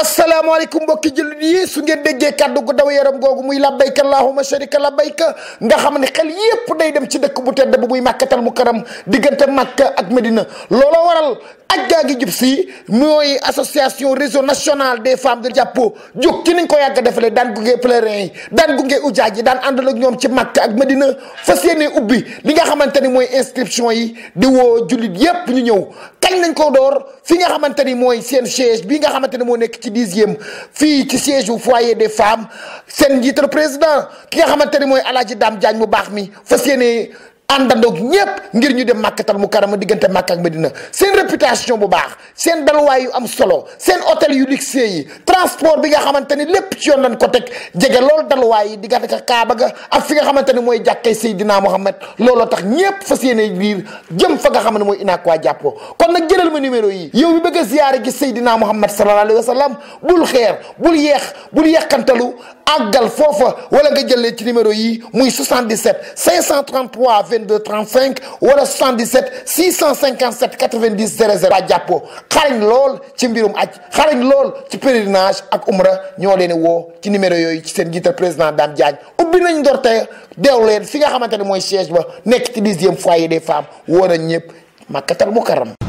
asalaamaaleykum mbokki jullit yi su ngeen déggee kàddu gu daw yaram googu muy labbayka allahumma sharika labbayka nga xam ne xel yépp day dem ci dëkk bu tedd bu muy màkkatal mukarram diggante màkka ak Medina looloo waral ak gi jub si mooy association réseau national des femmes de jàppo jóg ci niñ ko yàgg a defalee daan gunge pèlerins yi daan gunge ujaaj yi daan àndal ak ñoom ci màkk ak Medina fas yéene ubbi li nga xamante ni mooy inscription yi di woo jullit yépp ñu ñëw kañ nañ ko door fi nga xamante ni mooy seen siège bi nga xamante ni moo nekk ci Dixième fille qui siège au foyer des femmes, c'est le président qui a remonté le mois à la dame d'Anne Moubarmi, fonctionné. àndandoog ñépp ngir ñu dem màkkatal mu karama diggante màkk ak Medina seen réputation bu baax seen dalwaay yu am solo seen hôtel yu luxe yi transport bi nga xamante ni lépp ci yoon lañ ko teg jege loolu dalwaay yi diggante ka Kaaba ga ak fi nga xamante ni mooy jàkkay Seydina Muhammad looloo tax ñépp fas yéene biir jëm fa nga xam ne mooy inaakwaa jàppoo kon nag jëlal ma numéro yi yow bi bëgg a ziyaare gi Seydina Muhammad sallallahu alayhi wa sallam bul xeer bul yeex bul yeexantalu àggal foofa wala nga jëlee ci numéro yi muy 77 533 82 35 wala 77 657 90 00 waa jàppoo xarañ lool ci mbirum aj xarañ lool ci pèlerinage ak umra ñoo leen woo ci numéro yooyu ci seen jiital président Dame Diagne ubbi nañ ndorte deew leen fi nga xamante ne mooy siège ba nekk ci dixième foyer des femmes woo nañ ñëpp Makkatal Mukarram